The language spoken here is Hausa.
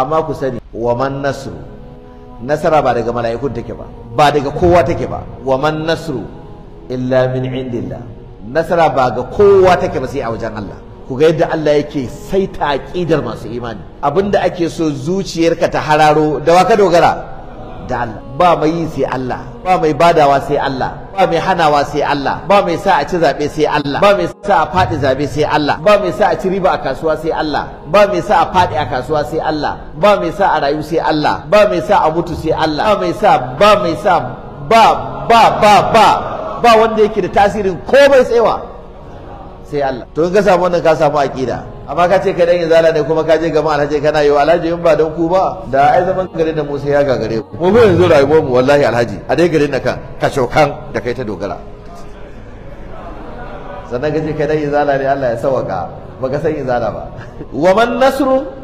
amma ku sani wa man nasru nasara ba daga mala'ikun take ba ba daga kowa take ba wa man nasru illa min indillah nasara ba ga kowa take ba sai a wajen Allah ku ga yadda Allah yake saita aqidar masu imani abinda ake so zuciyarka ta hararo da waka dogara da Allah ba mai yi sai Allah ba mai badawa sai Allah ba mai hanawa sai Allah ba mai sa a ci zabe sai Allah ba mai sa a faɗi zabe sai Allah ba mai sa a ci riba a kasuwa sai Allah ba mai sa a faɗi a kasuwa sai Allah ba mai sa a rayu sai Allah ba mai sa a mutu sai Allah ba mai sa ba mai sa ba ba ba ba ba wanda yake da tasirin komai tsewa sai Allah to in ka samu wannan ka samu aqida amma ka ce kai dan izala ne kuma ka je gaban alhaji kana yi alhaji in ba dan ku ba da ai zaman garin da Musa ya gagare ku mu yanzu rayuwar mu wallahi alhaji a dai garin naka ka shokan da kai ta dogara sannan ka ce kai dan izala ne Allah ya sawaka baka san izala ba wa man nasru